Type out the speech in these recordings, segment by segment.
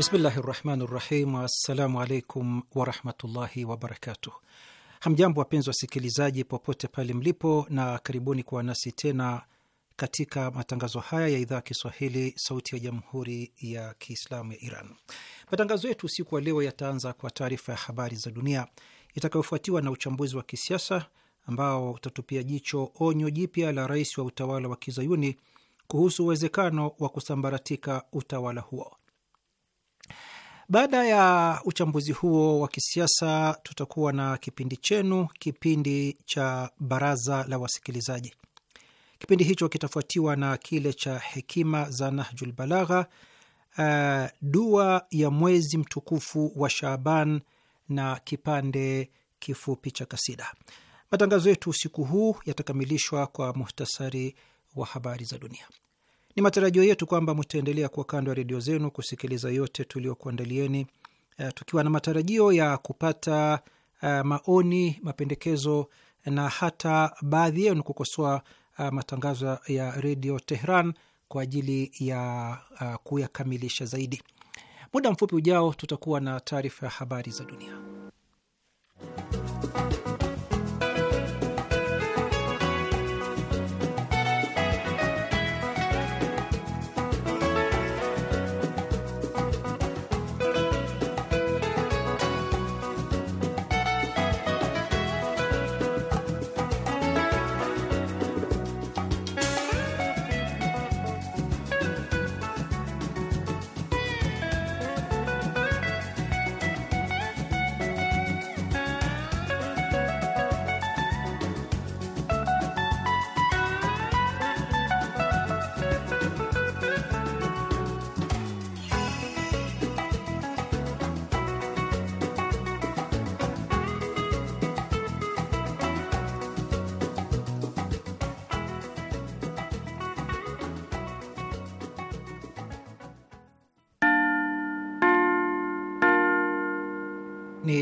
Bismillahi rahmani rahim. Assalamu alaikum warahmatullahi wabarakatuh. Hamjambo wapenzi wasikilizaji, popote pale mlipo, na karibuni kuwa nasi tena katika matangazo haya ya idhaa ya Kiswahili, Sauti ya Jamhuri ya Kiislamu ya Iran. Matangazo yetu usiku wa leo yataanza kwa taarifa ya habari za dunia itakayofuatiwa na uchambuzi wa kisiasa ambao utatupia jicho onyo jipya la rais wa utawala wa kizayuni kuhusu uwezekano wa kusambaratika utawala huo. Baada ya uchambuzi huo wa kisiasa, tutakuwa na kipindi chenu, kipindi cha baraza la wasikilizaji. Kipindi hicho kitafuatiwa na kile cha hekima za Nahjul Balagha, uh, dua ya mwezi mtukufu wa Shaaban na kipande kifupi cha kasida. Matangazo yetu usiku huu yatakamilishwa kwa muhtasari wa habari za dunia. Ni matarajio yetu kwamba mtaendelea kuwa kando ya redio zenu kusikiliza yote tuliokuandalieni, uh, tukiwa na matarajio ya kupata uh, maoni, mapendekezo na hata baadhi yenu kukosoa uh, matangazo ya redio Tehran kwa ajili ya uh, kuyakamilisha zaidi. Muda mfupi ujao tutakuwa na taarifa ya habari za dunia.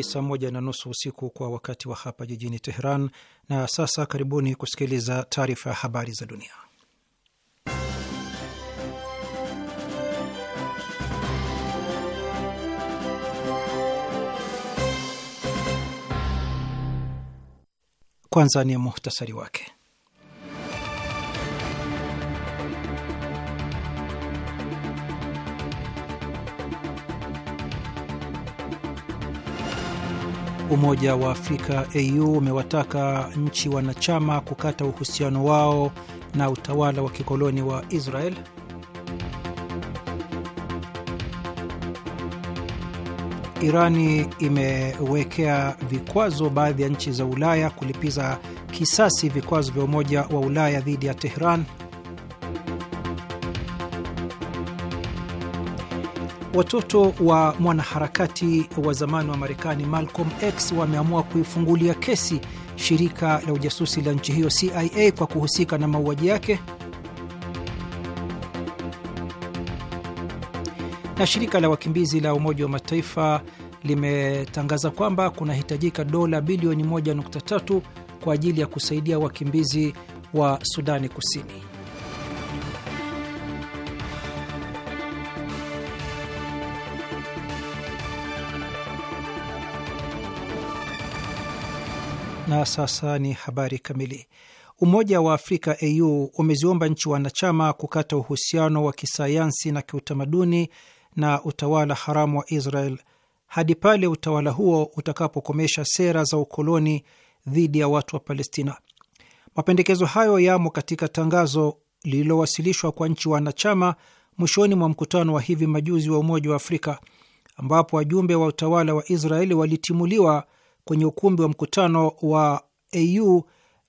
saa moja na nusu usiku kwa wakati wa hapa jijini Teheran. Na sasa karibuni kusikiliza taarifa ya habari za dunia. Kwanza ni muhtasari wake. Umoja wa Afrika AU umewataka nchi wanachama kukata uhusiano wao na utawala wa kikoloni wa Israel. Irani imewekea vikwazo baadhi ya nchi za Ulaya kulipiza kisasi vikwazo vya Umoja wa Ulaya dhidi ya Tehran. Watoto wa mwanaharakati wa zamani wa Marekani Malcolm X wameamua kuifungulia kesi shirika la ujasusi la nchi hiyo CIA kwa kuhusika na mauaji yake. Na shirika la wakimbizi la Umoja wa Mataifa limetangaza kwamba kunahitajika dola bilioni 1.3 kwa ajili ya kusaidia wakimbizi wa Sudani Kusini. Na sasa ni habari kamili. Umoja wa Afrika AU umeziomba nchi wanachama kukata uhusiano wa kisayansi na kiutamaduni na utawala haramu wa Israel hadi pale utawala huo utakapokomesha sera za ukoloni dhidi ya watu wa Palestina. Mapendekezo hayo yamo katika tangazo lililowasilishwa kwa nchi wanachama mwishoni mwa mkutano wa hivi majuzi wa Umoja wa Afrika ambapo wajumbe wa utawala wa Israeli walitimuliwa kwenye ukumbi wa mkutano wa AU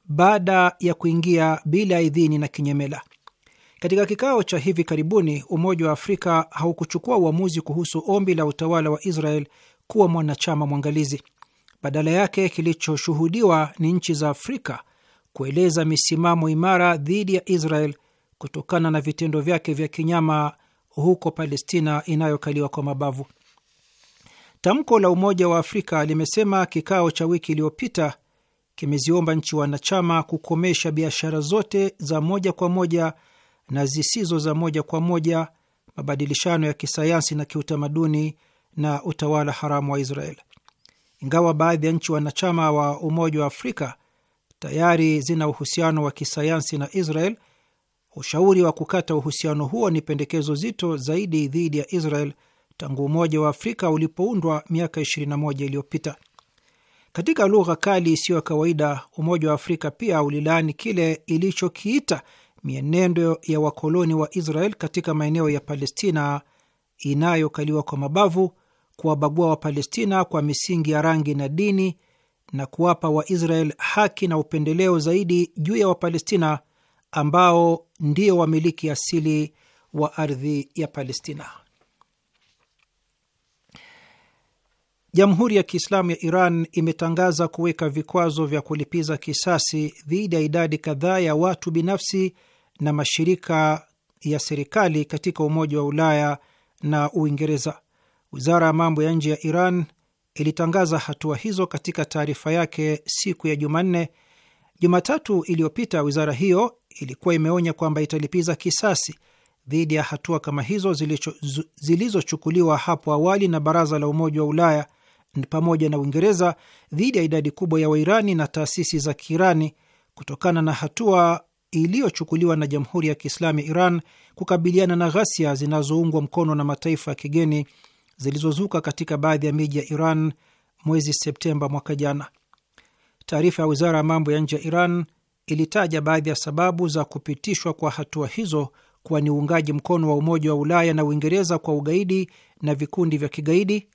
baada ya kuingia bila idhini na kinyemela. Katika kikao cha hivi karibuni, Umoja wa Afrika haukuchukua uamuzi kuhusu ombi la utawala wa Israel kuwa mwanachama mwangalizi. Badala yake, kilichoshuhudiwa ni nchi za Afrika kueleza misimamo imara dhidi ya Israel kutokana na vitendo vyake vya kinyama huko Palestina inayokaliwa kwa mabavu. Tamko la Umoja wa Afrika limesema kikao cha wiki iliyopita kimeziomba nchi wanachama kukomesha biashara zote za moja kwa moja na zisizo za moja kwa moja, mabadilishano ya kisayansi na kiutamaduni na utawala haramu wa Israel. Ingawa baadhi ya nchi wanachama wa Umoja wa Afrika tayari zina uhusiano wa kisayansi na Israel, ushauri wa kukata uhusiano huo ni pendekezo zito zaidi dhidi ya Israel tangu Umoja wa Afrika ulipoundwa miaka 21 iliyopita. Katika lugha kali isiyo ya kawaida, Umoja wa Afrika pia ulilaani kile ilichokiita mienendo ya wakoloni wa Israel katika maeneo ya Palestina inayokaliwa kwa mabavu, kuwabagua Wapalestina kwa misingi ya rangi na dini na kuwapa Waisrael haki na upendeleo zaidi juu ya Wapalestina ambao ndio wamiliki asili wa ardhi ya Palestina. Jamhuri ya Kiislamu ya Iran imetangaza kuweka vikwazo vya kulipiza kisasi dhidi ya idadi kadhaa ya watu binafsi na mashirika ya serikali katika Umoja wa Ulaya na Uingereza. Wizara ya mambo ya nje ya Iran ilitangaza hatua hizo katika taarifa yake siku ya Jumanne. Jumatatu iliyopita, wizara hiyo ilikuwa imeonya kwamba italipiza kisasi dhidi ya hatua kama hizo zilizochukuliwa hapo awali na Baraza la Umoja wa Ulaya pamoja na Uingereza dhidi ya idadi kubwa ya Wairani na taasisi za Kiirani kutokana na hatua iliyochukuliwa na Jamhuri ya Kiislamu ya Iran kukabiliana na ghasia zinazoungwa mkono na mataifa ya kigeni zilizozuka katika baadhi ya miji ya Iran mwezi Septemba mwaka jana. Taarifa ya wizara ya mambo ya nje ya Iran ilitaja baadhi ya sababu za kupitishwa kwa hatua hizo kuwa ni uungaji mkono wa Umoja wa Ulaya na Uingereza kwa ugaidi na vikundi vya kigaidi,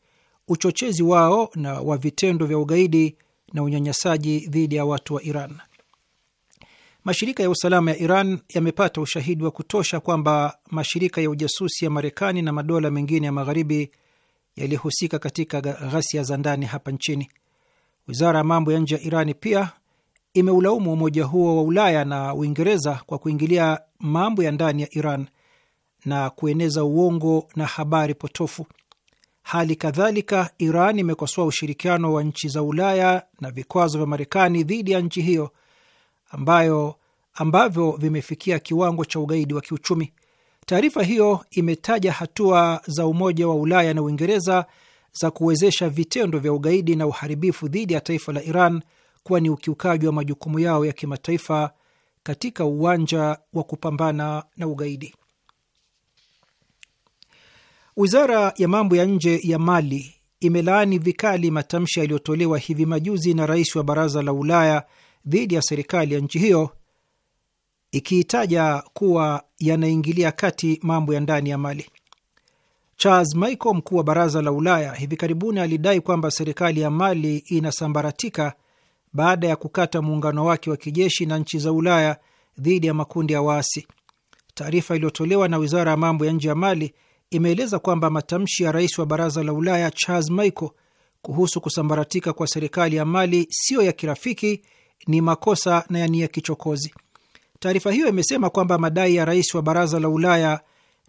uchochezi wao na wa vitendo vya ugaidi na unyanyasaji dhidi ya watu wa Iran. Mashirika ya usalama ya Iran yamepata ushahidi wa kutosha kwamba mashirika ya ujasusi ya Marekani na madola mengine ya magharibi yalihusika katika ghasia za ndani hapa nchini. Wizara ya mambo ya nje ya iran pia imeulaumu umoja huo wa Ulaya na Uingereza kwa kuingilia mambo ya ndani ya Iran na kueneza uongo na habari potofu. Hali kadhalika, Iran imekosoa ushirikiano wa nchi za Ulaya na vikwazo vya Marekani dhidi ya nchi hiyo ambayo ambavyo vimefikia kiwango cha ugaidi wa kiuchumi. Taarifa hiyo imetaja hatua za Umoja wa Ulaya na Uingereza za kuwezesha vitendo vya ugaidi na uharibifu dhidi ya taifa la Iran kuwa ni ukiukaji wa majukumu yao ya kimataifa katika uwanja wa kupambana na ugaidi. Wizara ya mambo ya nje ya Mali imelaani vikali matamshi yaliyotolewa hivi majuzi na rais wa baraza la Ulaya dhidi ya serikali ya nchi hiyo, ikiitaja kuwa yanaingilia kati mambo ya ndani ya Mali. Charles Michael, mkuu wa baraza la Ulaya, hivi karibuni alidai kwamba serikali ya Mali inasambaratika baada ya kukata muungano wake wa kijeshi na nchi za Ulaya dhidi ya makundi ya waasi. Taarifa iliyotolewa na wizara ya mambo ya nje ya Mali imeeleza kwamba matamshi ya rais wa baraza la Ulaya Charles Michel kuhusu kusambaratika kwa serikali ya Mali siyo ya kirafiki, ni makosa na yani ya kichokozi. Taarifa hiyo imesema kwamba madai ya rais wa baraza la Ulaya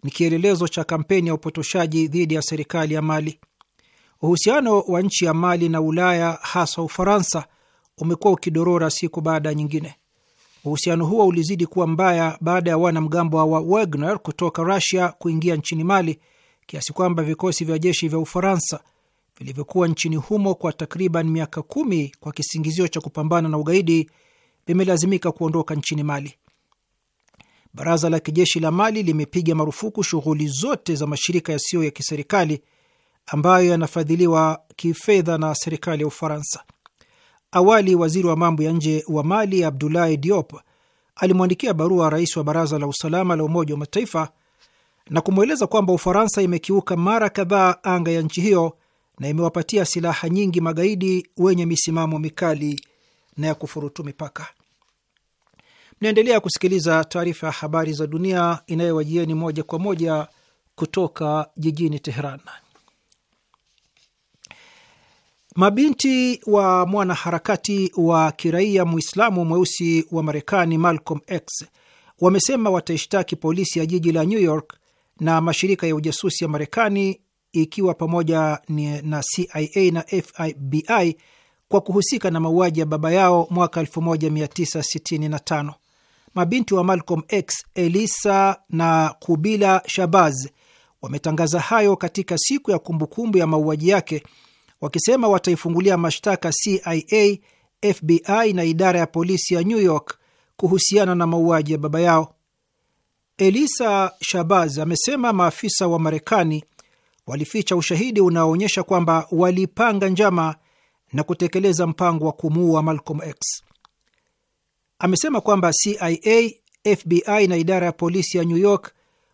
ni kielelezo cha kampeni ya upotoshaji dhidi ya serikali ya Mali. Uhusiano wa nchi ya Mali na Ulaya, hasa Ufaransa, umekuwa ukidorora siku baada ya nyingine. Uhusiano huo ulizidi kuwa mbaya baada ya wanamgambo wa Wagner kutoka Rusia kuingia nchini Mali, kiasi kwamba vikosi vya jeshi vya Ufaransa vilivyokuwa nchini humo kwa takriban miaka kumi kwa kisingizio cha kupambana na ugaidi vimelazimika kuondoka nchini Mali. Baraza la kijeshi la Mali limepiga marufuku shughuli zote za mashirika yasiyo ya kiserikali ambayo yanafadhiliwa kifedha na serikali ya Ufaransa. Awali waziri wa mambo ya nje wa Mali Abdoulaye Diop alimwandikia barua rais wa baraza la usalama la Umoja wa Mataifa na kumweleza kwamba Ufaransa imekiuka mara kadhaa anga ya nchi hiyo na imewapatia silaha nyingi magaidi wenye misimamo mikali na ya kufurutu mipaka. Mnaendelea kusikiliza taarifa ya habari za dunia inayowajieni moja kwa moja kutoka jijini Teheran. Mabinti wa mwanaharakati wa kiraia Mwislamu mweusi wa Marekani Malcolm X wamesema wataishtaki polisi ya jiji la New York na mashirika ya ujasusi ya Marekani ikiwa pamoja na CIA na FBI kwa kuhusika na mauaji ya baba yao mwaka 1965. Mabinti wa Malcolm X, Elisa na Kubila Shabaz wametangaza hayo katika siku ya kumbukumbu ya mauaji yake wakisema wataifungulia mashtaka CIA, FBI na idara ya polisi ya New York kuhusiana na mauaji ya baba yao. Elisa Shabaz amesema maafisa wa Marekani walificha ushahidi unaoonyesha kwamba walipanga njama na kutekeleza mpango wa kumuua Malcolm X. Amesema kwamba CIA, FBI na idara ya polisi ya New York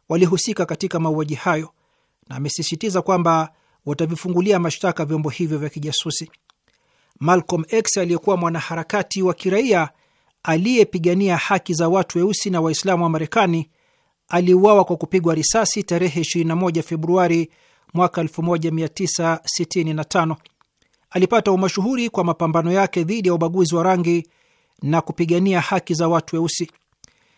walihusika katika mauaji hayo, na amesisitiza kwamba watavifungulia mashtaka vyombo hivyo vya kijasusi. Malcolm X aliyekuwa mwanaharakati wa kiraia aliyepigania haki za watu weusi na Waislamu wa Marekani aliuawa kwa kupigwa risasi tarehe 21 Februari mwaka 1965. Alipata umashuhuri kwa mapambano yake dhidi ya ubaguzi wa rangi na kupigania haki za watu weusi.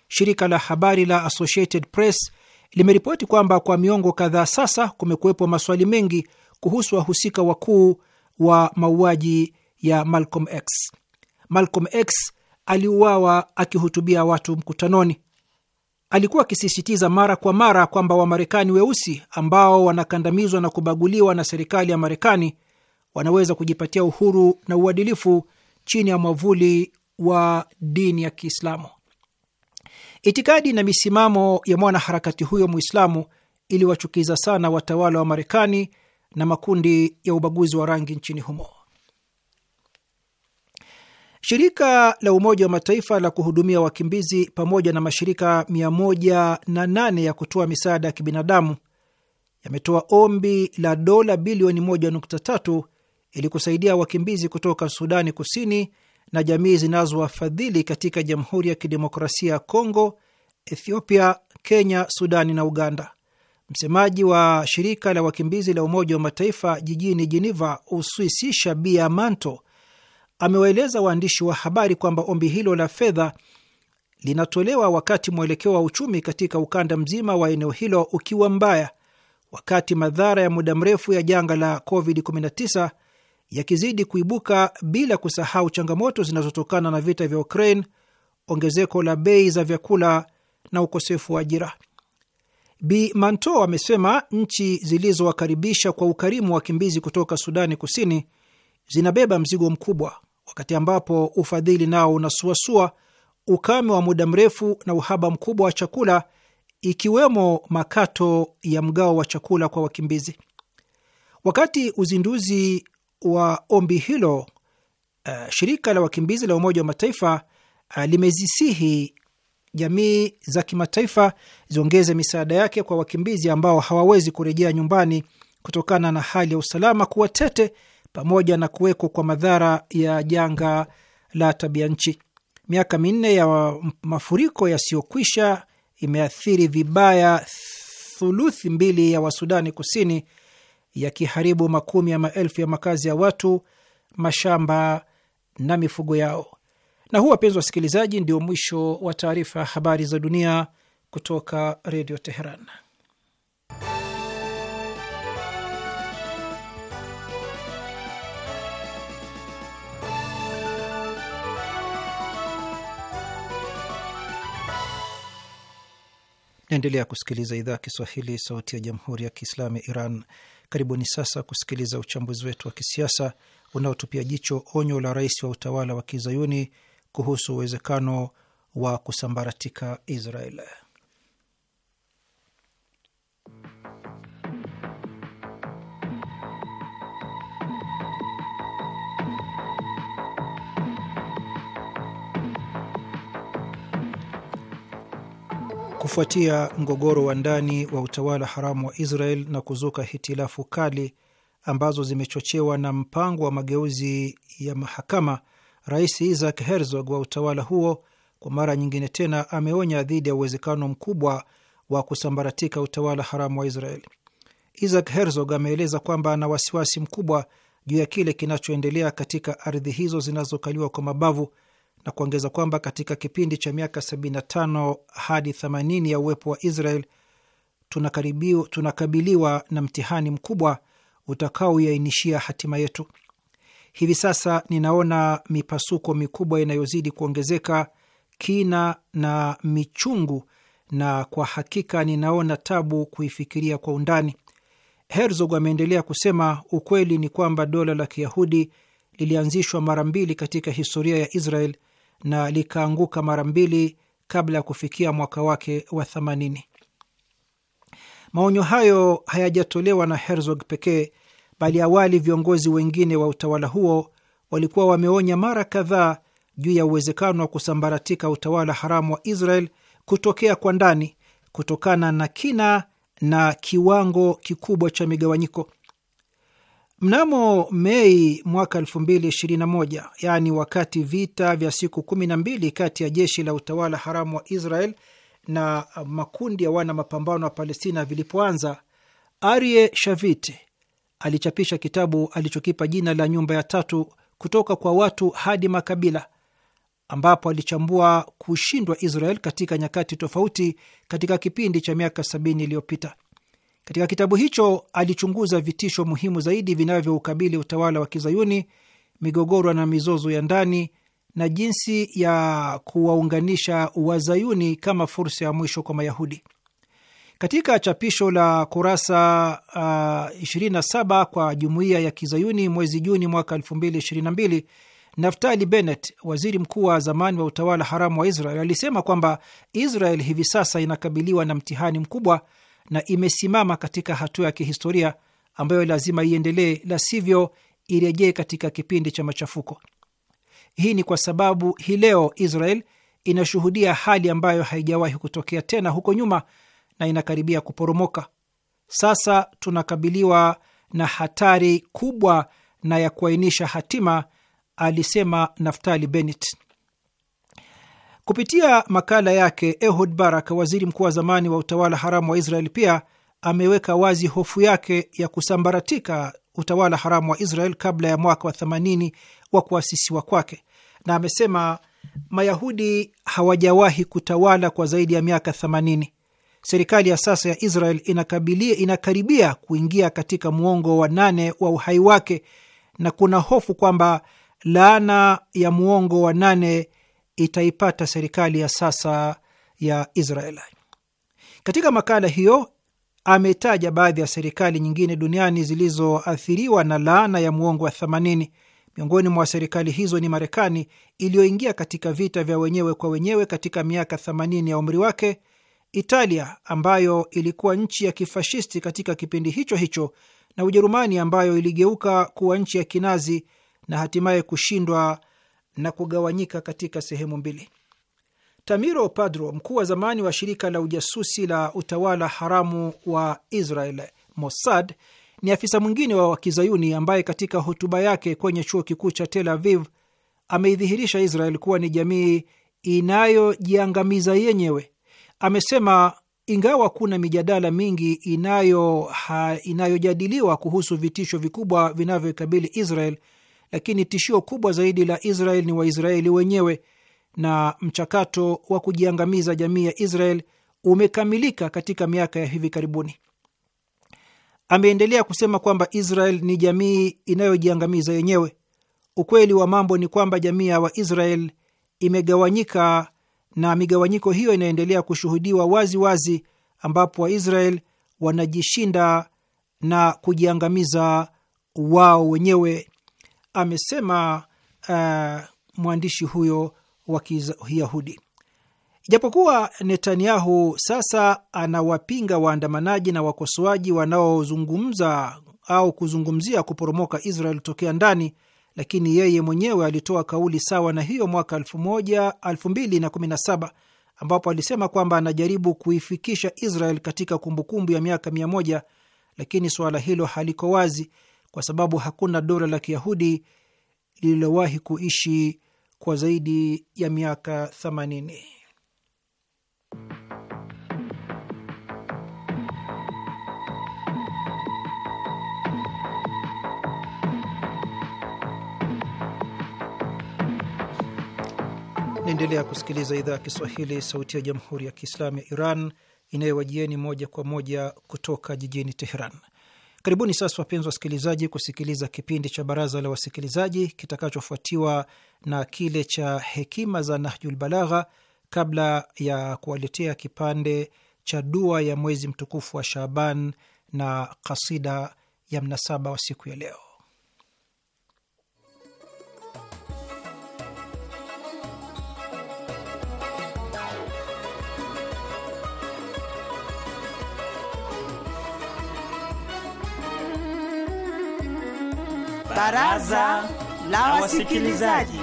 Shirika la habari la Associated Press limeripoti kwamba kwa miongo kadhaa sasa kumekuwepo maswali mengi kuhusu wahusika wakuu wa mauaji ya Malcolm X. Malcolm X aliuawa akihutubia watu mkutanoni. Alikuwa akisisitiza mara kwa mara kwamba Wamarekani weusi ambao wanakandamizwa na kubaguliwa na serikali ya Marekani wanaweza kujipatia uhuru na uadilifu chini ya mwavuli wa dini ya Kiislamu. Itikadi na misimamo ya mwanaharakati huyo Mwislamu iliwachukiza sana watawala wa Marekani na makundi ya ubaguzi wa rangi nchini humo. Shirika la Umoja wa Mataifa la kuhudumia wakimbizi pamoja na mashirika 108 ya kutoa misaada ya kibinadamu yametoa ombi la dola bilioni 1.3 ili kusaidia wakimbizi kutoka Sudani Kusini na jamii zinazowafadhili katika Jamhuri ya Kidemokrasia ya Kongo, Ethiopia, Kenya, Sudani na Uganda. Msemaji wa shirika la wakimbizi la Umoja wa Mataifa jijini Jeneva, Uswisi, Shabia Manto amewaeleza waandishi wa habari kwamba ombi hilo la fedha linatolewa wakati mwelekeo wa uchumi katika ukanda mzima wa eneo hilo ukiwa mbaya, wakati madhara ya muda mrefu ya janga la COVID-19 yakizidi kuibuka bila kusahau changamoto zinazotokana na vita vya Ukraine, ongezeko la bei za vyakula na ukosefu wa ajira. Bi Manto amesema nchi zilizowakaribisha kwa ukarimu wakimbizi kutoka Sudani Kusini zinabeba mzigo mkubwa, wakati ambapo ufadhili nao unasuasua, ukame wa muda mrefu na uhaba mkubwa wa chakula, ikiwemo makato ya mgao wa chakula kwa wakimbizi. Wakati uzinduzi wa ombi hilo uh, shirika la wakimbizi la Umoja wa Mataifa uh, limezisihi jamii za kimataifa ziongeze misaada yake kwa wakimbizi ambao hawawezi kurejea nyumbani kutokana na hali ya usalama kuwa tete pamoja na kuwekwa kwa madhara ya janga la tabia nchi. Miaka minne ya mafuriko yasiyokwisha imeathiri vibaya thuluthi mbili ya Wasudani Kusini yakiharibu makumi ya maelfu ya makazi ya watu, mashamba na mifugo yao. Na huu, wapenzi wasikilizaji, ndio mwisho wa taarifa ya habari za dunia kutoka Redio Teheran. Naendelea kusikiliza idhaa ya Kiswahili, sauti ya jamhuri ya kiislamu ya Iran. Karibuni sasa kusikiliza uchambuzi wetu wa kisiasa unaotupia jicho onyo la rais wa utawala wa kizayuni kuhusu uwezekano wa kusambaratika Israel. kufuatia mgogoro wa ndani wa utawala haramu wa Israel na kuzuka hitilafu kali ambazo zimechochewa na mpango wa mageuzi ya mahakama, Rais Isaac Herzog wa utawala huo kwa mara nyingine tena ameonya dhidi ya uwezekano mkubwa wa kusambaratika utawala haramu wa Israel. Isaac Herzog ameeleza kwamba ana wasiwasi mkubwa juu ya kile kinachoendelea katika ardhi hizo zinazokaliwa kwa mabavu na kuongeza kwamba katika kipindi cha miaka 75 hadi 80 ya uwepo wa Israel tunakabiliwa na mtihani mkubwa utakaoiainishia hatima yetu. Hivi sasa ninaona mipasuko mikubwa inayozidi kuongezeka kina na michungu, na kwa hakika ninaona tabu kuifikiria kwa undani. Herzog ameendelea kusema, ukweli ni kwamba dola la Kiyahudi lilianzishwa mara mbili katika historia ya Israel na likaanguka mara mbili kabla ya kufikia mwaka wake wa 80. Maonyo hayo hayajatolewa na Herzog pekee, bali awali viongozi wengine wa utawala huo walikuwa wameonya mara kadhaa juu ya uwezekano wa kusambaratika utawala haramu wa Israel kutokea kwa ndani kutokana na kina na kiwango kikubwa cha migawanyiko. Mnamo Mei mwaka 2021, yaani wakati vita vya siku 12 kati ya jeshi la utawala haramu wa Israel na makundi ya wana mapambano wa Palestina vilipoanza, Arie Shavite alichapisha kitabu alichokipa jina la Nyumba ya Tatu, kutoka kwa watu hadi makabila, ambapo alichambua kushindwa Israel katika nyakati tofauti katika kipindi cha miaka 70 iliyopita. Katika kitabu hicho alichunguza vitisho muhimu zaidi vinavyoukabili utawala wa kizayuni, migogoro na mizozo ya ndani, na jinsi ya kuwaunganisha wazayuni kama fursa ya mwisho kwa Mayahudi. Katika chapisho la kurasa uh, 27 kwa jumuiya ya kizayuni mwezi Juni mwaka 2022, Naftali Bennett, waziri mkuu wa zamani wa utawala haramu wa Israel, alisema kwamba Israel hivi sasa inakabiliwa na mtihani mkubwa na imesimama katika hatua ya kihistoria ambayo lazima iendelee, la sivyo irejee katika kipindi cha machafuko. Hii ni kwa sababu hii leo Israel inashuhudia hali ambayo haijawahi kutokea tena huko nyuma na inakaribia kuporomoka. Sasa tunakabiliwa na hatari kubwa na ya kuainisha hatima, alisema Naftali Bennett. Kupitia makala yake, Ehud Barak, waziri mkuu wa zamani wa utawala haramu wa Israel, pia ameweka wazi hofu yake ya kusambaratika utawala haramu wa Israel kabla ya mwaka wa 80 wa kuasisiwa kwake, na amesema Mayahudi hawajawahi kutawala kwa zaidi ya miaka 80. Serikali ya sasa ya Israel inakabilia, inakaribia kuingia katika muongo wa nane wa uhai wake na kuna hofu kwamba laana ya muongo wa nane itaipata serikali ya sasa ya Israel. Katika makala hiyo ametaja baadhi ya serikali nyingine duniani zilizoathiriwa na laana ya muongo wa 80. Miongoni mwa serikali hizo ni Marekani iliyoingia katika vita vya wenyewe kwa wenyewe katika miaka 80 ya umri wake, Italia ambayo ilikuwa nchi ya kifashisti katika kipindi hicho hicho, na Ujerumani ambayo iligeuka kuwa nchi ya kinazi na hatimaye kushindwa na kugawanyika katika sehemu mbili. Tamiro Padro, mkuu wa zamani wa shirika la ujasusi la utawala haramu wa Israel Mossad, ni afisa mwingine wa Wakizayuni ambaye katika hotuba yake kwenye chuo kikuu cha Tel Aviv ameidhihirisha Israel kuwa ni jamii inayojiangamiza yenyewe. Amesema ingawa kuna mijadala mingi inayo ha, inayojadiliwa kuhusu vitisho vikubwa vinavyoikabili Israel lakini tishio kubwa zaidi la Israel ni Waisraeli wenyewe, na mchakato wa kujiangamiza jamii ya Israel umekamilika katika miaka ya hivi karibuni. Ameendelea kusema kwamba Israel ni jamii inayojiangamiza yenyewe. Ukweli wa mambo ni kwamba jamii ya Waisrael imegawanyika na migawanyiko hiyo inaendelea kushuhudiwa wazi wazi, ambapo Waisrael wanajishinda na kujiangamiza wao wenyewe amesema uh, mwandishi huyo wa Kiyahudi. Ijapokuwa Netanyahu sasa anawapinga waandamanaji na wakosoaji wanaozungumza au kuzungumzia kuporomoka Israel tokea ndani, lakini yeye mwenyewe alitoa kauli sawa na hiyo mwaka 2017 ambapo alisema kwamba anajaribu kuifikisha Israel katika kumbukumbu ya miaka mia lakini suala hilo haliko wazi kwa sababu hakuna dola la Kiyahudi lililowahi kuishi kwa zaidi ya miaka 80. Naendelea kusikiliza idhaa ya Kiswahili, sauti ya jamhuri ya kiislamu ya Iran inayowajieni moja kwa moja kutoka jijini Teheran. Karibuni sasa wapenzi wasikilizaji, kusikiliza kipindi cha Baraza la Wasikilizaji kitakachofuatiwa na kile cha Hekima za Nahjul Balagha, kabla ya kuwaletea kipande cha dua ya mwezi mtukufu wa Shaaban na kasida ya mnasaba wa siku ya leo. Baraza la Wasikilizaji.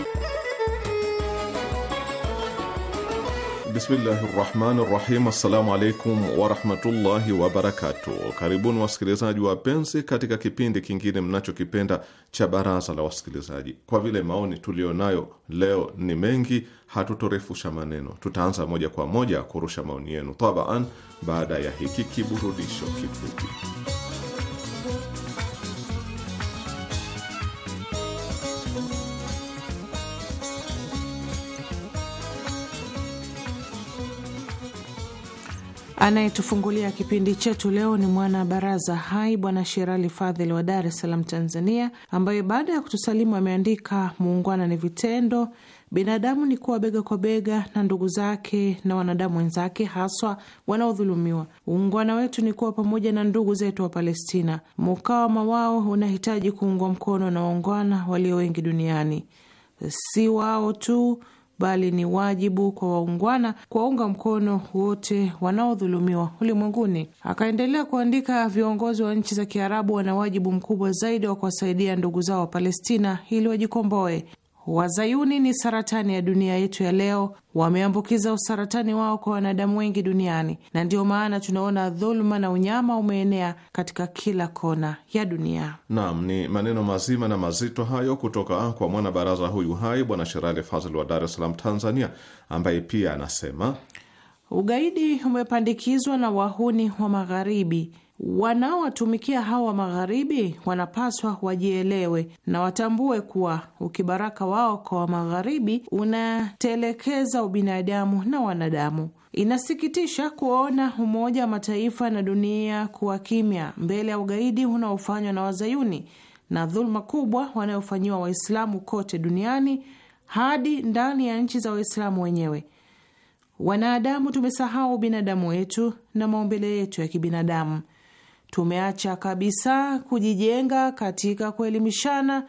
Bismillahi rahmani rahim. Assalamu alaikum warahmatullahi wabarakatu. Karibuni wasikilizaji wapenzi, katika kipindi kingine mnachokipenda cha baraza la wasikilizaji. Kwa vile maoni tuliyonayo leo ni mengi, hatutorefusha maneno, tutaanza moja kwa moja kurusha maoni yenu tabaan, baada ya hiki kiburudisho kifupi. Anayetufungulia kipindi chetu leo ni mwana baraza hai Bwana Sherali Fadhili wa Dar es Salaam, Tanzania, ambaye baada ya kutusalimu ameandika: muungwana ni vitendo, binadamu ni kuwa bega kwa bega na ndugu zake na wanadamu wenzake, haswa wanaodhulumiwa. Uungwana wetu ni kuwa pamoja na ndugu zetu wa Palestina. Mukawama wao unahitaji kuungwa mkono na waungwana walio wengi duniani, si wao tu bali ni wajibu kwa waungwana kuwaunga mkono wote wanaodhulumiwa ulimwenguni. Akaendelea kuandika, viongozi wa nchi za Kiarabu wana wajibu mkubwa zaidi wa kuwasaidia ndugu zao wa Palestina ili wajikomboe. Wazayuni ni saratani ya dunia yetu ya leo. Wameambukiza usaratani wao kwa wanadamu wengi duniani, na ndiyo maana tunaona dhuluma na unyama umeenea katika kila kona ya dunia. Naam, ni maneno mazima na mazito hayo kutoka kwa mwanabaraza huyu hai Bwana Sherali Fazl wa Dar es Salaam, Tanzania, ambaye pia anasema ugaidi umepandikizwa na wahuni wa Magharibi wanaowatumikia hawa wa magharibi wanapaswa wajielewe na watambue kuwa ukibaraka wao kwa wa magharibi unatelekeza ubinadamu na wanadamu. Inasikitisha kuona Umoja wa Mataifa na dunia kuwa kimya mbele ya ugaidi unaofanywa na wazayuni na dhuluma kubwa wanayofanyiwa Waislamu kote duniani hadi ndani ya nchi za Waislamu wenyewe. Wanadamu tumesahau ubinadamu wetu na maumbile yetu ya kibinadamu. Tumeacha kabisa kujijenga katika kuelimishana,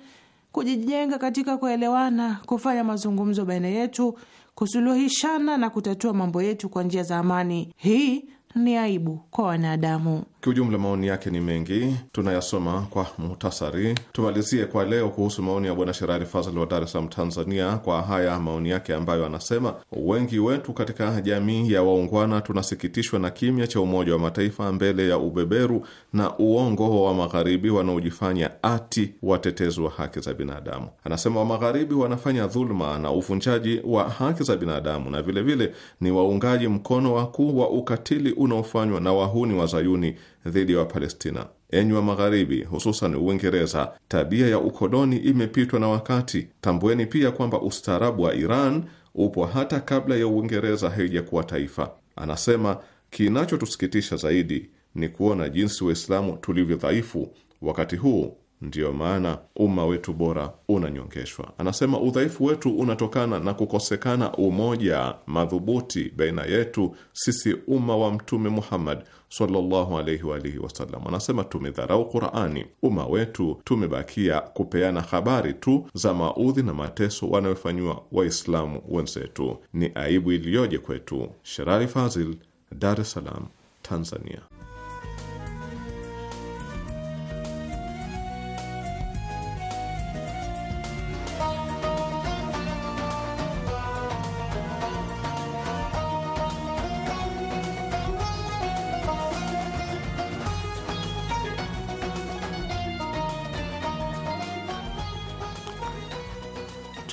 kujijenga katika kuelewana, kufanya mazungumzo baina yetu, kusuluhishana na kutatua mambo yetu kwa njia za amani. Hii ni aibu kwa wanadamu. Kiujumla, maoni yake ni mengi, tunayasoma kwa muhtasari. Tumalizie kwa leo kuhusu maoni ya bwana Sherari Fazl wa Dar es Salaam, Tanzania, kwa haya maoni yake ambayo anasema, wengi wetu katika jamii ya waungwana tunasikitishwa na kimya cha Umoja wa Mataifa mbele ya ubeberu na uongo wa Magharibi wanaojifanya ati watetezi wa haki za binadamu. Anasema wa Magharibi wanafanya dhuluma na uvunjaji wa haki za binadamu na vilevile vile, ni waungaji mkono wakuu wa ukatili unaofanywa na wahuni wa Zayuni dhidi ya wa Wapalestina. Enyi wa Magharibi, hususan Uingereza, tabia ya ukoloni imepitwa na wakati. Tambueni pia kwamba ustaarabu wa Iran upo hata kabla ya Uingereza haijakuwa taifa. Anasema, kinachotusikitisha zaidi ni kuona jinsi Waislamu tulivyo dhaifu wakati huu. Ndiyo maana umma wetu bora unanyongeshwa. Anasema udhaifu wetu unatokana na kukosekana umoja madhubuti baina yetu sisi umma wa Mtume Muhammad sallallahu alayhi wa alihi wasallam anasema, tumedharau Qur'ani, umma wetu tumebakia kupeana habari tu za maudhi na mateso wanayofanyiwa Waislamu wenzetu. Ni aibu iliyoje kwetu. Sherari Fazil, Dar es Salaam, Tanzania.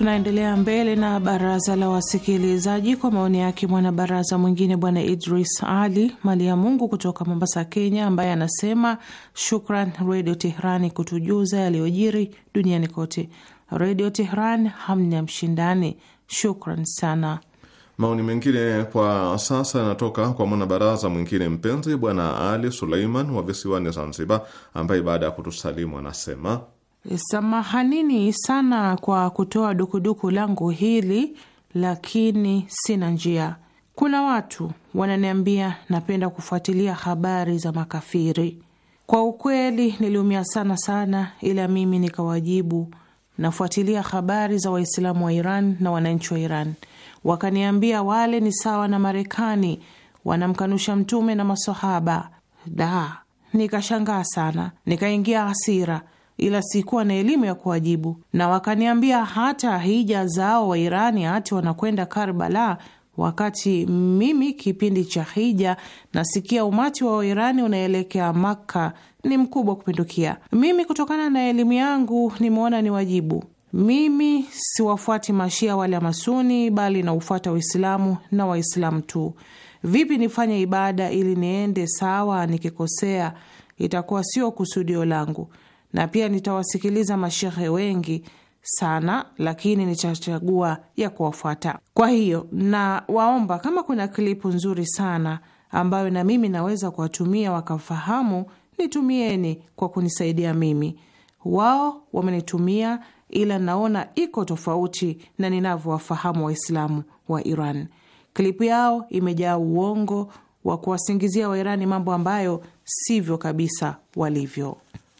Tunaendelea mbele na baraza la wasikilizaji kwa maoni yake mwanabaraza mwingine bwana Idris Ali mali ya Mungu kutoka Mombasa, Kenya, ambaye anasema shukran Redio Teherani kutujuza yaliyojiri duniani kote. Redio Teheran hamna mshindani. Shukran sana. Maoni mengine kwa sasa yanatoka kwa mwanabaraza mwingine mpenzi bwana Ali Suleiman wa visiwani Zanzibar, ambaye baada ya kutusalimu anasema Samahanini sana kwa kutoa dukuduku langu hili, lakini sina njia. Kuna watu wananiambia napenda kufuatilia habari za makafiri. Kwa ukweli niliumia sana sana, ila mimi nikawajibu nafuatilia habari za Waislamu wa Iran na wananchi wa Iran. Wakaniambia wale ni sawa na Marekani, wanamkanusha Mtume na masahaba. Da, nikashangaa sana, nikaingia hasira ila sikuwa na elimu ya kuwajibu, na wakaniambia hata hija zao Wairani hati wanakwenda Karbala wakati mimi kipindi cha hija nasikia umati wa Wairani unaelekea Makka ni mkubwa kupindukia. Mimi kutokana na elimu yangu nimeona ni wajibu. Mimi siwafuati mashia wale ya masuni, bali naufuata Uislamu na Waislamu tu. Vipi nifanye ibada ili niende sawa? Nikikosea itakuwa sio kusudio langu na pia nitawasikiliza mashehe wengi sana, lakini nitachagua ya kuwafuata. Kwa hiyo na waomba kama kuna klipu nzuri sana ambayo na mimi naweza kuwatumia wakafahamu, nitumieni kwa kunisaidia mimi. Wao wamenitumia ila naona iko tofauti na ninavyowafahamu Waislamu wa Iran. Klipu yao imejaa uongo wa kuwasingizia Wairani mambo ambayo sivyo kabisa walivyo.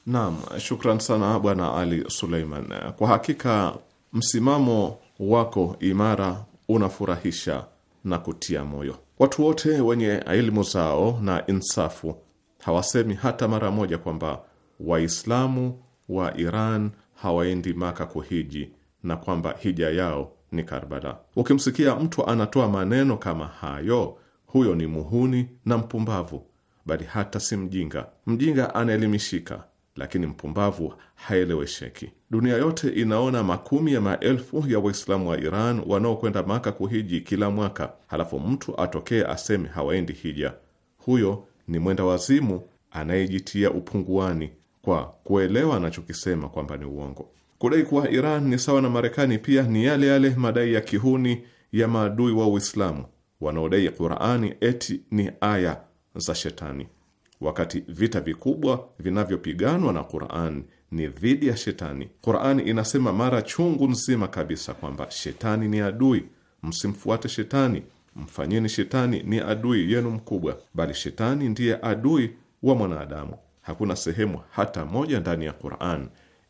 Naam, shukran sana Bwana Ali Suleiman. Kwa hakika msimamo wako imara unafurahisha na kutia moyo. Watu wote wenye elimu zao na insafu hawasemi hata mara moja kwamba Waislamu wa Iran hawaendi Maka kuhiji na kwamba hija yao ni Karbala. Ukimsikia mtu anatoa maneno kama hayo, huyo ni muhuni na mpumbavu, bali hata si mjinga. Mjinga anaelimishika lakini mpumbavu haelewesheki. Dunia yote inaona makumi ya maelfu ya Waislamu wa Iran wanaokwenda Maka kuhiji kila mwaka, halafu mtu atokee aseme hawaendi hija. Huyo ni mwenda wazimu anayejitia upunguani kwa kuelewa anachokisema kwamba ni uongo. Kudai kuwa Iran ni sawa na Marekani pia ni yale yale madai ya kihuni ya maadui wa Uislamu wanaodai Qurani eti ni aya za shetani wakati vita vikubwa vinavyopiganwa na Qur'an ni dhidi ya shetani. Qur'an inasema mara chungu nzima kabisa kwamba shetani ni adui, msimfuate shetani, mfanyeni shetani ni adui yenu mkubwa, bali shetani ndiye adui wa mwanadamu. Hakuna sehemu hata moja ndani ya Qur'an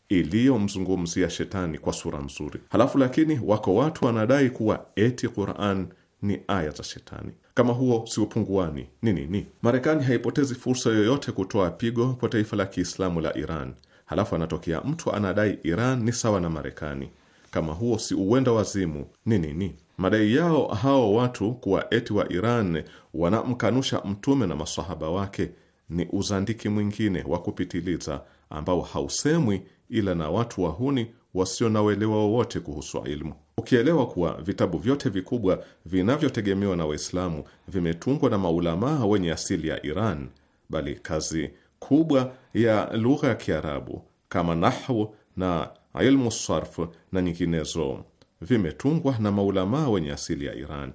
iliyomzungumzia shetani kwa sura nzuri. Halafu lakini wako watu wanadai kuwa eti Qur'an ni aya za shetani. Kama huo si upunguani ni nini? Marekani haipotezi fursa yoyote kutoa pigo kwa taifa la Kiislamu la Iran, halafu anatokea mtu anadai Iran ni sawa na Marekani. Kama huo si uwenda wazimu ni nini? Madai yao hao watu kuwa eti wa Iran wanamkanusha Mtume na masahaba wake ni uzandiki mwingine wa kupitiliza ambao hausemwi ila na watu wahuni wasio na uelewa wowote kuhusu ilmu ukielewa kuwa vitabu vyote vikubwa vinavyotegemewa na Waislamu vimetungwa na maulamaa wenye asili ya Iran, bali kazi kubwa ya lugha ya Kiarabu kama nahwu na ilmu sarf na nyinginezo vimetungwa na maulamaa wenye asili ya Iran.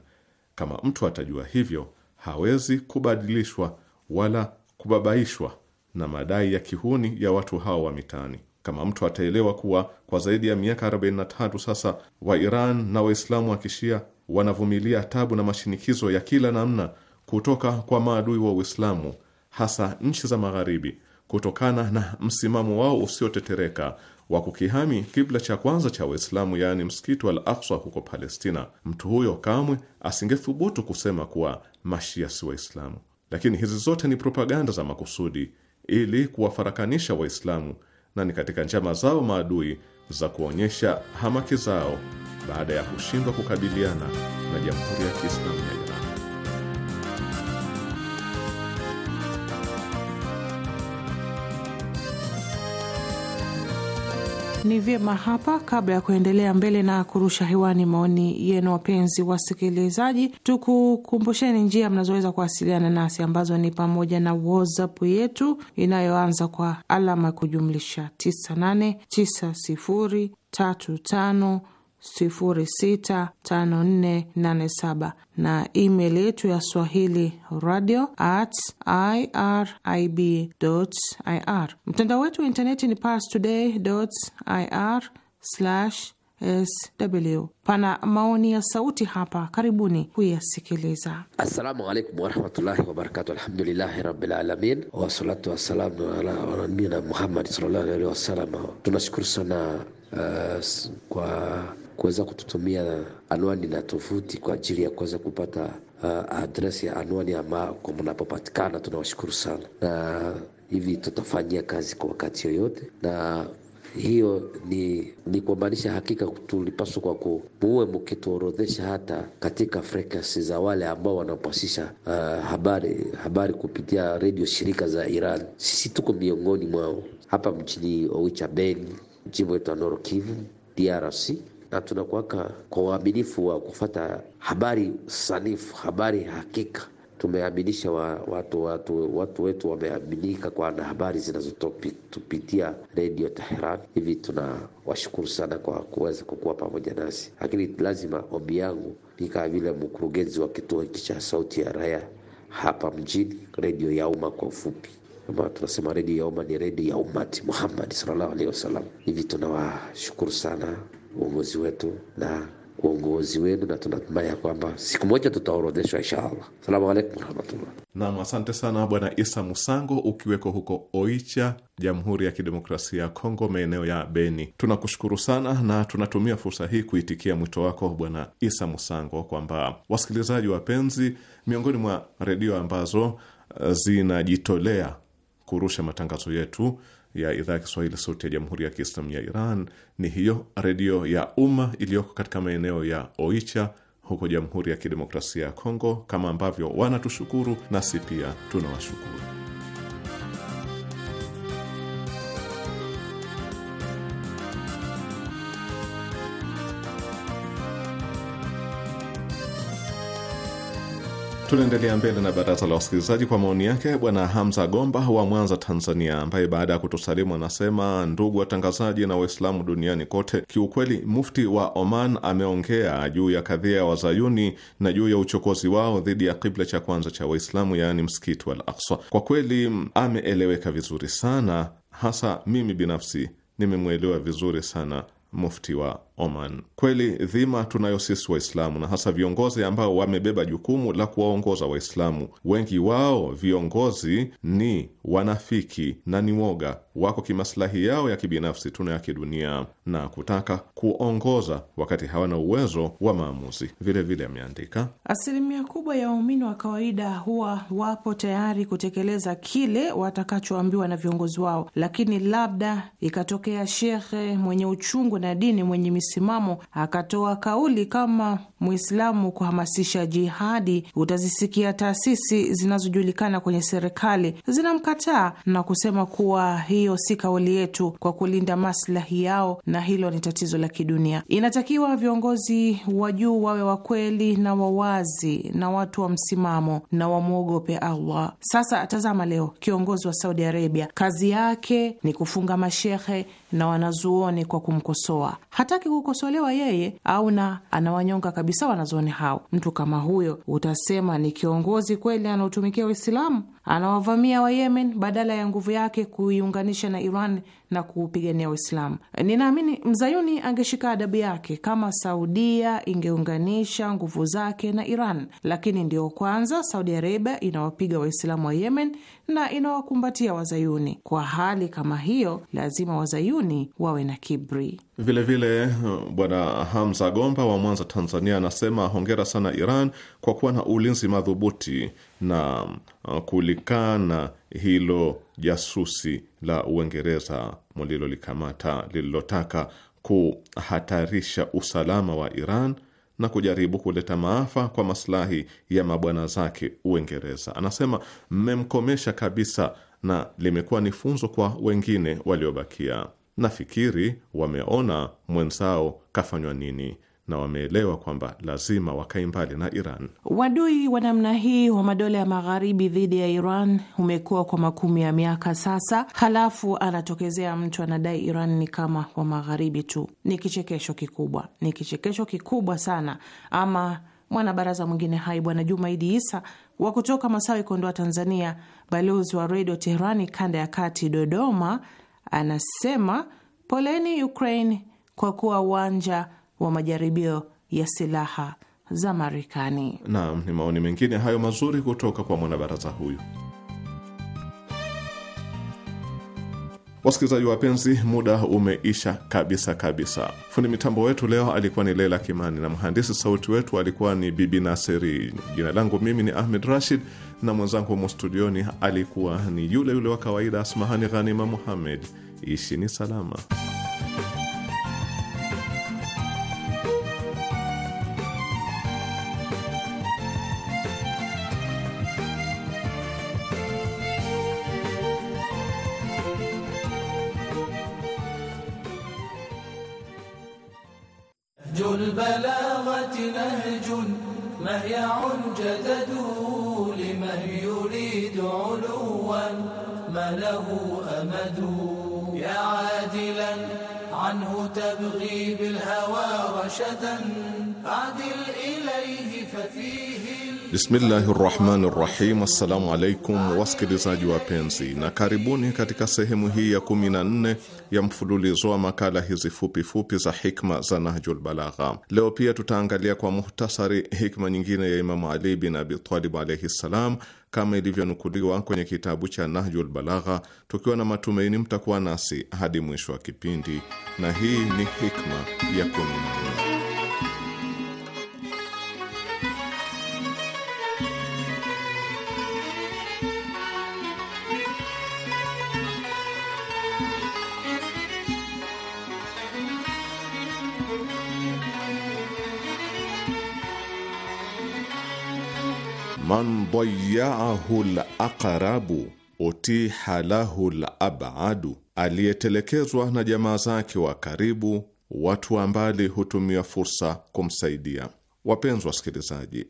Kama mtu atajua hivyo, hawezi kubadilishwa wala kubabaishwa na madai ya kihuni ya watu hao wa mitaani. Kama mtu ataelewa kuwa kwa zaidi ya miaka 43 sasa, Wairan na Waislamu wa Kishia wanavumilia tabu na mashinikizo ya kila namna kutoka kwa maadui wa Uislamu, hasa nchi za Magharibi, kutokana na msimamo wao usiotetereka wa kukihami kibla cha kwanza cha Waislamu, yaani msikiti Al Aqsa huko Palestina. Mtu huyo kamwe asingethubutu kusema kuwa Mashia si Waislamu, lakini hizi zote ni propaganda za makusudi ili kuwafarakanisha Waislamu, na ni katika njama zao maadui za kuonyesha hamaki zao baada ya kushindwa kukabiliana na Jamhuri ya Kiislamu ni vyema hapa, kabla ya kuendelea mbele na kurusha hewani maoni yenu, wapenzi wasikilizaji, tukukumbusheni njia mnazoweza kuwasiliana nasi ambazo ni pamoja na WhatsApp yetu inayoanza kwa alama ya kujumlisha 989035 065487 na email yetu ya swahili radio at irib ir. Mtandao wetu wa intaneti ni pars today ir sw. Pana maoni ya sauti hapa, karibuni kuyasikiliza. Assalamu alaikum warahmatullahi wabarakatu. Alhamdulillahi rabbil alamin wassalatu wassalamu ala nabina Muhammad sallallahu alaihi wasallam. Tunashukuru sana uh, kwa kuweza kututumia anwani na tovuti kwa ajili ya kuweza kupata uh, adresi ya anwani ambako mnapopatikana. Tunawashukuru sana na hivi tutafanyia kazi kwa wakati yoyote na hiyo ni, ni kumaanisha hakika tulipaswa kwa kuwe muwe mkituorodhesha hata katika frekasi za wale ambao wanapasisha uh, habari habari kupitia redio shirika za Iran. Sisi tuko miongoni mwao hapa mchini Oicha, Beni, jimbo wetu wa Nord Kivu, DRC na tunakuwaka kwa uaminifu wa kufata habari sanifu, habari hakika tumeaminisha wa, watu, watu, watu wetu wameaminika kwa na habari zinazotupitia redio Teheran. Hivi tunawashukuru sana kwa kuweza kukuwa pamoja nasi, lakini lazima ombi yangu ni kama vile mkurugenzi wa kituo hiki cha Sauti ya Raya hapa mjini, redio ya umma kwa ufupi ama tunasema redio ya umma ni redio ya umati Muhammad sallallahu alaihi wasallam. Hivi tunawashukuru sana uongozi wetu na uongozi wenu, na tunatumai ya kwamba siku moja tutaorodheshwa inshaallah. Salamu alaikum warahmatullah. Nam, asante sana Bwana Isa Musango, ukiweko huko Oicha, Jamhuri ya Kidemokrasia ya Kongo, maeneo ya Beni. Tunakushukuru sana na tunatumia fursa hii kuitikia mwito wako Bwana Isa Musango kwamba wasikilizaji wapenzi, miongoni mwa redio ambazo eh, zinajitolea kurusha matangazo yetu ya idhaa ya Kiswahili sauti ya jamhuri ya Kiislamu ya Iran ni hiyo redio ya umma iliyoko katika maeneo ya Oicha huko Jamhuri ya Kidemokrasia ya Kongo, kama ambavyo wanatushukuru nasi pia tunawashukuru. Tunaendelea mbele na baraza la wasikilizaji kwa maoni yake Bwana Hamza Gomba wa Mwanza, Tanzania, ambaye baada ya kutusalimu anasema: ndugu watangazaji na Waislamu duniani kote, kiukweli mufti wa Oman ameongea juu ya kadhia ya wazayuni na juu ya uchokozi wao dhidi ya kibla cha kwanza cha Waislamu, yaani msikiti wa Al-Aqsa. Kwa kweli ameeleweka vizuri sana, hasa mimi binafsi nimemwelewa vizuri sana mufti wa Oman. Kweli dhima tunayo sisi Waislamu na hasa viongozi ambao wamebeba jukumu la kuwaongoza Waislamu. Wengi wao viongozi ni wanafiki na ni woga, wako kimaslahi yao ya kibinafsi tuna ya kidunia na kutaka kuongoza wakati hawana uwezo wa maamuzi. Vilevile ameandika asilimia kubwa ya waumini wa kawaida huwa wapo tayari kutekeleza kile watakachoambiwa na viongozi wao, lakini labda ikatokea shekhe mwenye uchungu na dini mwenye misimamo, akatoa kauli kama Muislamu kuhamasisha jihadi, utazisikia taasisi zinazojulikana kwenye serikali zinamkataa na kusema kuwa hiyo si kauli yetu kwa kulinda maslahi yao, na hilo ni tatizo la kidunia. Inatakiwa viongozi wa juu wawe wakweli na wawazi na watu wa msimamo na wamwogope Allah. Sasa tazama, leo kiongozi wa Saudi Arabia kazi yake ni kufunga mashehe na wanazuoni kwa kumkosoa, hataki kukosolewa yeye au na anawanyonga kabisa wanazoni hao. Mtu kama huyo utasema ni kiongozi kweli anaotumikia Waislamu? Anawavamia Wayemen badala ya nguvu yake kuiunganisha na Iran na kuupigania Uislamu. Ninaamini mzayuni angeshika adabu yake kama Saudia ingeunganisha nguvu zake na Iran, lakini ndiyo kwanza Saudi Arabia inawapiga Waislamu wa Yemen na inawakumbatia Wazayuni. Kwa hali kama hiyo, lazima Wazayuni wawe na kibri Vilevile uh, Bwana Hamza Gomba wa Mwanza, Tanzania, anasema hongera sana Iran kwa kuwa na ulinzi madhubuti na uh, kulikana hilo jasusi la Uingereza mlilolikamata lililotaka kuhatarisha usalama wa Iran na kujaribu kuleta maafa kwa maslahi ya mabwana zake Uingereza. Anasema mmemkomesha kabisa, na limekuwa ni funzo kwa wengine waliobakia. Nafikiri wameona mwenzao kafanywa nini na wameelewa kwamba lazima wakae mbali na Iran. wadui wa namna hii wa madola ya magharibi dhidi ya Iran umekuwa kwa makumi ya miaka sasa, halafu anatokezea mtu anadai Iran ni kama wa magharibi tu. Ni kichekesho kikubwa, ni kichekesho kikubwa sana. Ama mwanabaraza mwingine hai Bwana Jumaidi Isa wa kutoka Masawi, Kondoa, Tanzania, balozi wa Redio Teherani kanda ya kati Dodoma, anasema poleni Ukraine kwa kuwa uwanja wa majaribio ya silaha za Marekani. Naam, ni maoni mengine hayo mazuri kutoka kwa mwanabaraza huyu. Wasikilizaji wapenzi, muda umeisha kabisa kabisa. Fundi mitambo wetu leo alikuwa ni Leila Kimani na mhandisi sauti wetu alikuwa ni Bibi Naseri. Jina langu mimi ni Ahmed Rashid na mwenzangu humo studioni alikuwa ni yule yule wa kawaida Asmahani Ghanima Muhammed. ni salama. له أمد يا عادلا عنه تبغي بالهوى رشدا عدل Bismillahi rahmani rahim. Assalamu alaikum wasikilizaji wapenzi, na karibuni katika sehemu hii ya kumi na ya mfululizo wa makala hizi fupifupi za hikma za Nahjul Balagha. Leo pia tutaangalia kwa muhtasari hikma nyingine ya Imamu Ali bin Abi Talib alaihi ssalam kama ilivyonukuliwa kwenye kitabu cha Nahjul Balagha, tukiwa na matumaini mtakuwa nasi hadi mwisho wa kipindi, na hii ni hikma ya kumi man dayaahu laqarabu utiha lahu labadu, aliyetelekezwa na jamaa zake wa karibu, watu wa mbali hutumia fursa kumsaidia. Wapenzi wasikilizaji,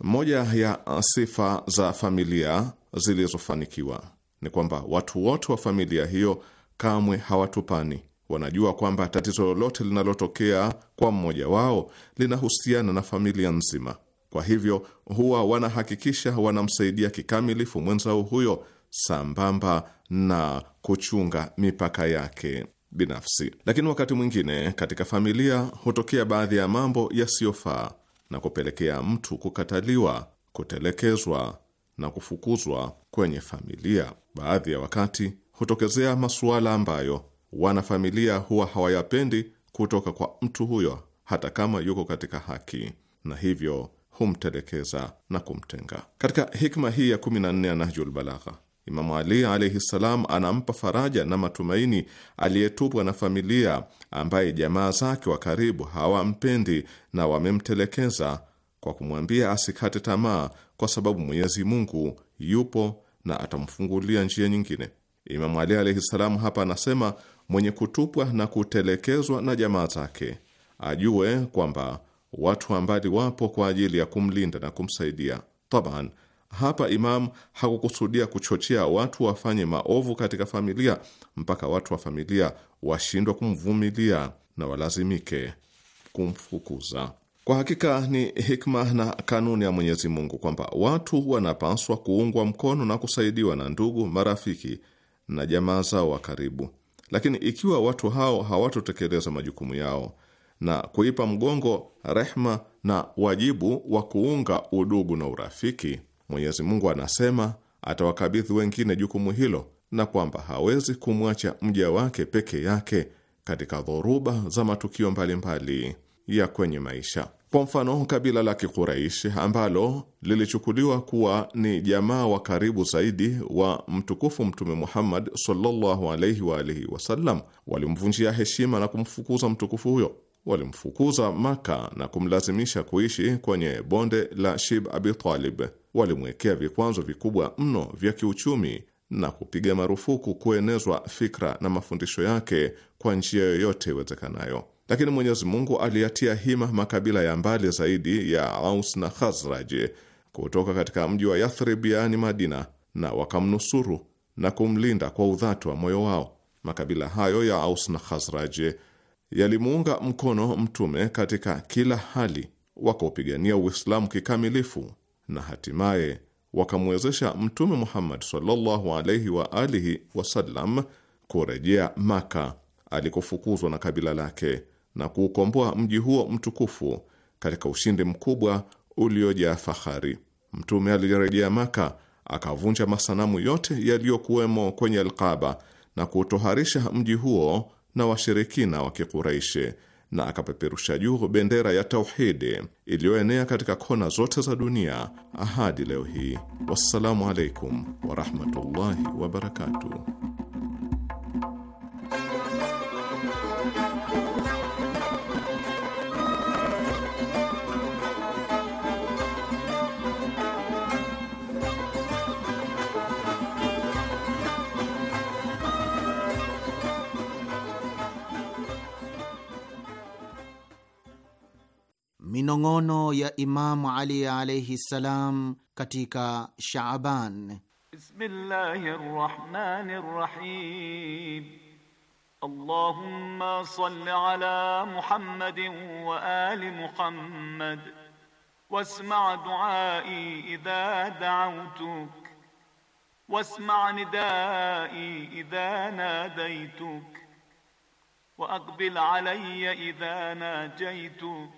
moja ya sifa za familia zilizofanikiwa ni kwamba watu wote wa familia hiyo kamwe hawatupani. Wanajua kwamba tatizo lolote linalotokea kwa mmoja wao linahusiana na familia nzima. Kwa hivyo huwa wanahakikisha wanamsaidia kikamilifu mwenzao huyo sambamba na kuchunga mipaka yake binafsi. Lakini wakati mwingine katika familia hutokea baadhi ya mambo yasiyofaa na kupelekea mtu kukataliwa, kutelekezwa na kufukuzwa kwenye familia. Baadhi ya wakati hutokezea masuala ambayo wanafamilia huwa hawayapendi kutoka kwa mtu huyo, hata kama yuko katika haki, na hivyo humtelekeza na kumtenga. Katika hikma hii ya 14 ya Nahjul Balagha, Imamu Ali alaihi ssalam anampa faraja na matumaini aliyetupwa na familia ambaye jamaa zake wa karibu hawampendi na wamemtelekeza, kwa kumwambia asikate tamaa, kwa sababu Mwenyezi Mungu yupo na atamfungulia njia nyingine. Imamu Ali alaihi ssalam hapa anasema mwenye kutupwa na kutelekezwa na jamaa zake ajue kwamba watu ambali wapo kwa ajili ya kumlinda na kumsaidia. Taban, hapa Imam hakukusudia kuchochea watu wafanye maovu katika familia mpaka watu wa familia washindwa kumvumilia na walazimike kumfukuza. Kwa hakika ni hikma na kanuni ya Mwenyezi Mungu kwamba watu wanapaswa kuungwa mkono na kusaidiwa na ndugu, marafiki na jamaa zao wa karibu, lakini ikiwa watu hao hawatotekeleza majukumu yao na kuipa mgongo rehma na wajibu wa kuunga udugu na urafiki, Mwenyezi Mungu anasema atawakabidhi wengine jukumu hilo na kwamba hawezi kumwacha mja wake peke yake katika dhoruba za matukio mbalimbali mbali ya kwenye maisha. Kwa mfano, kabila la kikureishi ambalo lilichukuliwa kuwa ni jamaa wa karibu zaidi wa mtukufu Mtume Muhammad sallallahu alaihi wa alihi wasallam, walimvunjia heshima na kumfukuza mtukufu huyo walimfukuza Maka na kumlazimisha kuishi kwenye bonde la Shib Abi Talib. Walimwekea vikwazo vikubwa mno vya kiuchumi na kupiga marufuku kuenezwa fikra na mafundisho yake kwa njia yoyote iwezekanayo. Lakini Mwenyezi Mungu aliyatia hima makabila ya mbali zaidi ya Aus na Khazraj kutoka katika mji wa Yathrib, yaani Madina, na wakamnusuru na kumlinda kwa udhati wa moyo wao. Makabila hayo ya Aus na Khazraj yalimuunga mkono mtume katika kila hali, wakaupigania Uislamu kikamilifu na hatimaye wakamwezesha Mtume Muhammad sallallahu alaihi wa alihi wasallam kurejea Maka alikofukuzwa na kabila lake na kuukomboa mji huo mtukufu katika ushindi mkubwa uliojaa fahari. Mtume alirejea Maka akavunja masanamu yote yaliyokuwemo kwenye alqaba na kuutoharisha mji huo na washirikina wa Kikureishi na akapeperusha juu bendera ya tauhidi iliyoenea katika kona zote za dunia hadi leo hii. Wassalamu alaikum warahmatullahi wabarakatuh. maono ya Imamu Ali alaihi ssalam katika Shaaban. Bismillahi rahmani rahim. Allahumma salli ala Muhammadin wa ali Muhammad wasma duai idha da'autuk wasma nidai idha nadaituk wa aqbil alayya idha najaituk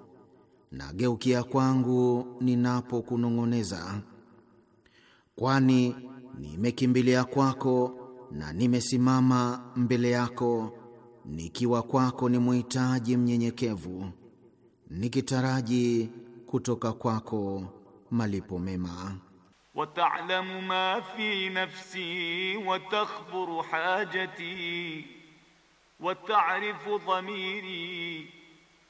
nageukia kwangu ninapokunong'oneza, kwani nimekimbilia kwako na nimesimama mbele yako nikiwa kwako ni muhitaji mnyenyekevu, nikitaraji kutoka kwako malipo mema. watalamu ma fi nafsi wa hajati wa ta'rifu dhamiri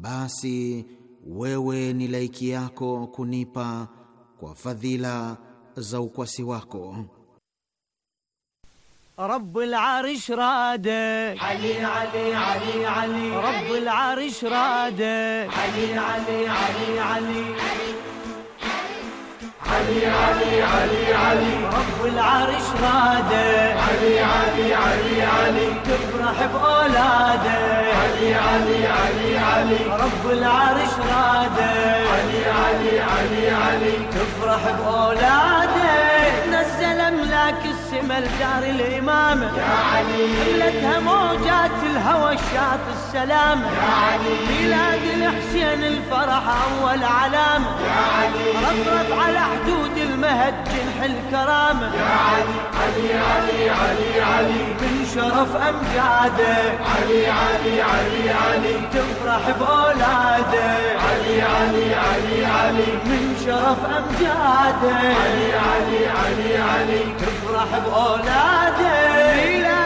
basi wewe ni laiki yako kunipa kwa fadhila za ukwasi wako. رب العرش راد علي علي علي علي رب العرش راد علي علي علي علي علي علي علي علي رب العرش راد علي علي علي علي تفرح بأولاده علي علي علي علي حب العرش راده علي علي علي علي تفرح بأولاده ذاك السما لدار الإمامة يا علي قلتها موجات الهوى الشاط السلامة يا علي ميلاد الحسين الفرح أول علامة يا علي رفرف على حدود المهد جنح الكرامة يا علي علي علي علي علي من شرف أمجاده علي علي علي علي تفرح بأولاده علي علي علي علي من شرف أمجاده علي علي علي علي صاحب أولاده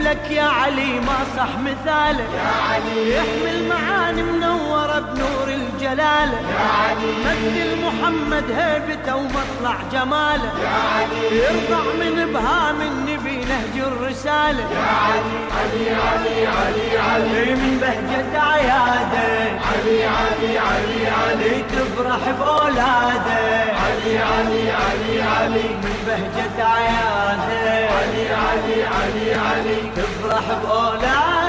لك يا علي ما صح مثالك يا علي يحمل معاني منورة بنور الجلالة يا علي مثل محمد هيبته ومطلع جماله يا علي يرضع من ابهام النبي نهج الرسالة يا علي علي علي علي علي من بهجة عياده علي علي علي علي تفرح بأولاده علي علي علي علي من بهجة عياده علي علي علي علي عليك افرح بأولاد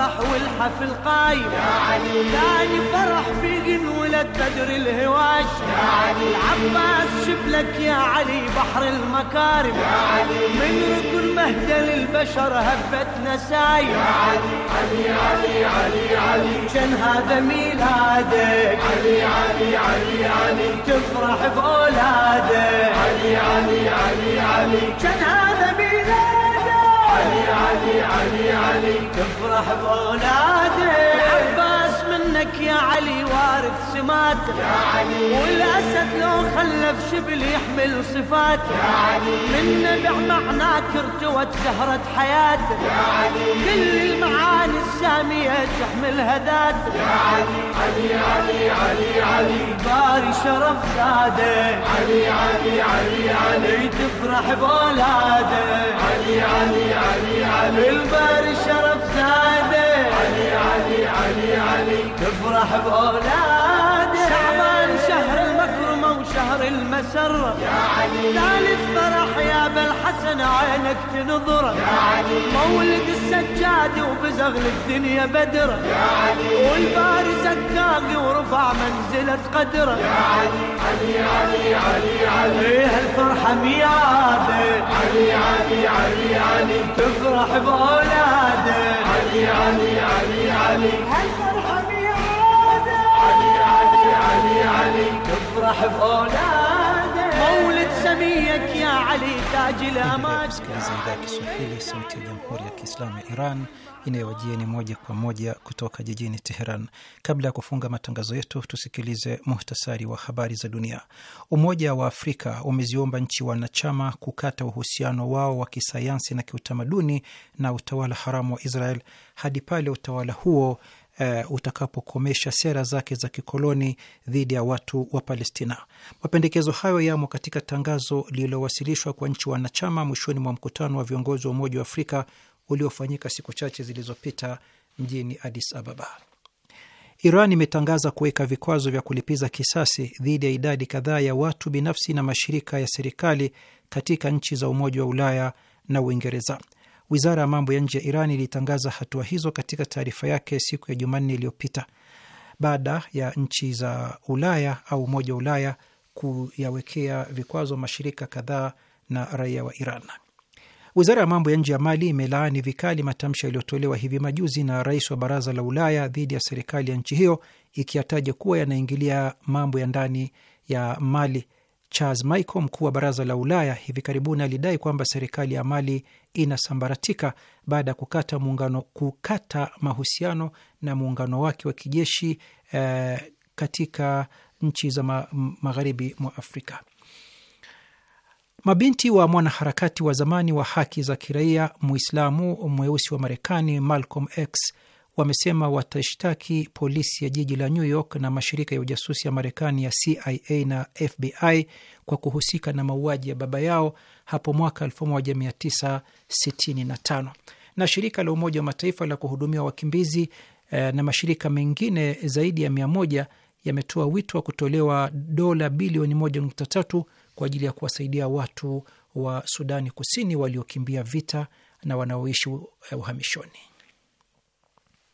الفرح والحفل قايم يا علي ثاني فرح في انولد بدر الهواش يا علي العباس شبلك يا علي بحر المكارم يا علي من ركن مهدى للبشر هبت نساي يا علي علي علي علي علي شن هذا ميلادك علي علي علي علي تفرح بأولادك علي علي علي علي شن هذا ميلادك علي علي علي علي تفرح بأولادي منك يا علي وارث سمات يا علي والأسد لو خلف شبل يحمل صفات يا علي من نبع معناك ارتوت زهرة حياته يا علي كل المعاني السامية تحمل هدات يا علي علي علي علي علي باري شرف زاده علي علي علي علي تفرح بولاده علي علي علي علي أولاده شعبان شهر المكرمة وشهر المسرة يا علي ثالث فرح يا بالحسن عينك تنظرة يا علي مولد السجاد وبزغل الدنيا بدرة يا علي والبارز زكاقي ورفع منزلة قدرة يا علي علي علي علي علي هالفرحة ميادة علي علي علي علي تفرح بأولاده علي علي علي علي علي علي تفرح بأولادك مولد سميك يا علي تاج الأمان Msikilizaji Kiswahili sauti ya jamhuri ya Kiislamu ya Iran inayowajieni moja kwa moja kutoka jijini Teheran. Kabla ya kufunga matangazo yetu, tusikilize muhtasari wa habari za dunia. Umoja wa Afrika umeziomba nchi wanachama kukata uhusiano wao wa kisayansi na kiutamaduni na utawala haramu wa Israel hadi pale utawala huo uh, utakapokomesha sera zake za kikoloni dhidi ya watu wa Palestina. Mapendekezo hayo yamo katika tangazo lililowasilishwa kwa nchi wanachama mwishoni mwa mkutano wa viongozi wa Umoja wa Afrika uliofanyika siku chache zilizopita mjini Addis Ababa. Iran imetangaza kuweka vikwazo vya kulipiza kisasi dhidi ya idadi kadhaa ya watu binafsi na mashirika ya serikali katika nchi za Umoja wa Ulaya na Uingereza. Wizara ya mambo ya nje ya Iran ilitangaza hatua hizo katika taarifa yake siku ya Jumanne iliyopita baada ya nchi za Ulaya au Umoja wa Ulaya kuyawekea vikwazo mashirika kadhaa na raia wa Iran. Wizara ya mambo ya nje ya Mali imelaani vikali matamshi yaliyotolewa hivi majuzi na rais wa Baraza la Ulaya dhidi ya serikali ya nchi hiyo, ikiyataja kuwa yanaingilia mambo ya ndani ya Mali Charles Michel, mkuu wa baraza la Ulaya, hivi karibuni alidai kwamba serikali ya Mali inasambaratika baada ya kukata muungano, kukata mahusiano na muungano wake wa kijeshi eh, katika nchi za ma, magharibi mwa Afrika. Mabinti wa mwanaharakati wa zamani wa haki za kiraia Muislamu mweusi wa Marekani Malcolm X wamesema watashtaki polisi ya jiji la New York na mashirika ya ujasusi ya Marekani ya CIA na FBI kwa kuhusika na mauaji ya baba yao hapo mwaka 1965. Na shirika la Umoja wa Mataifa la kuhudumia wakimbizi eh, na mashirika mengine zaidi ya mia moja yametoa wito wa kutolewa dola bilioni 1.3 kwa ajili ya kuwasaidia watu wa Sudani Kusini waliokimbia vita na wanaoishi eh, uhamishoni.